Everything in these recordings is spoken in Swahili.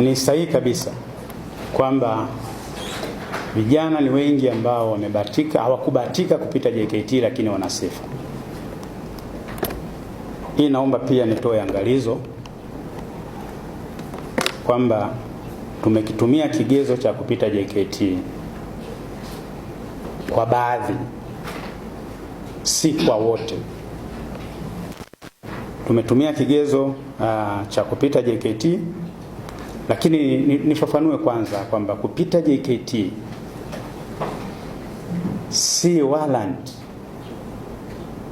Ni sahihi kabisa kwamba vijana ni wengi ambao wamebahatika, hawakubahatika kupita JKT, lakini wana sifa hii. Naomba pia nitoe angalizo kwamba tumekitumia kigezo cha kupita JKT kwa baadhi, si kwa wote. Tumetumia kigezo uh, cha kupita JKT lakini nifafanue kwanza kwamba kupita JKT si warrant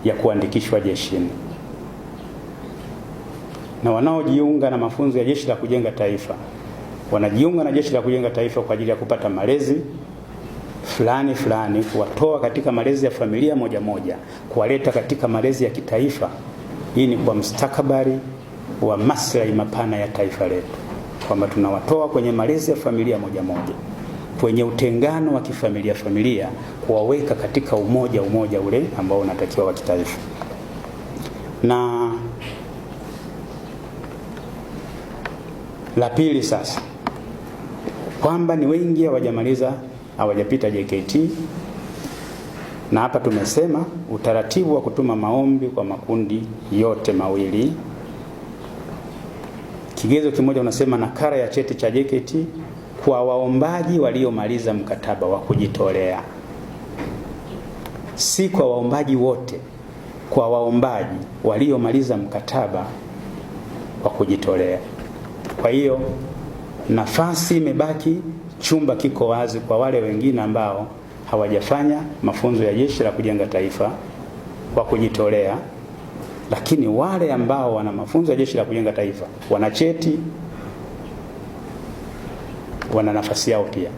ya kuandikishwa jeshini, na wanaojiunga na mafunzo ya Jeshi la Kujenga Taifa wanajiunga na Jeshi la Kujenga Taifa kwa ajili ya kupata malezi fulani fulani, kuwatoa katika malezi ya familia moja moja, kuwaleta katika malezi ya kitaifa. Hii ni kwa mustakabali wa maslahi mapana ya taifa letu kwamba tunawatoa kwenye malezi ya familia moja moja, kwenye utengano wa kifamilia familia, kuwaweka katika umoja umoja ule ambao unatakiwa wa kitaifa. Na la pili sasa, kwamba ni wengi hawajamaliza hawajapita JKT na hapa tumesema utaratibu wa kutuma maombi kwa makundi yote mawili Kigezo kimoja unasema nakala ya cheti cha JKT kwa waombaji waliomaliza mkataba wa kujitolea, si kwa waombaji wote, kwa waombaji waliomaliza mkataba wa kujitolea. Kwa hiyo nafasi imebaki, chumba kiko wazi kwa wale wengine ambao hawajafanya mafunzo ya Jeshi la Kujenga Taifa kwa kujitolea. Lakini wale ambao wana mafunzo ya Jeshi la Kujenga Taifa wana cheti, wana nafasi yao pia.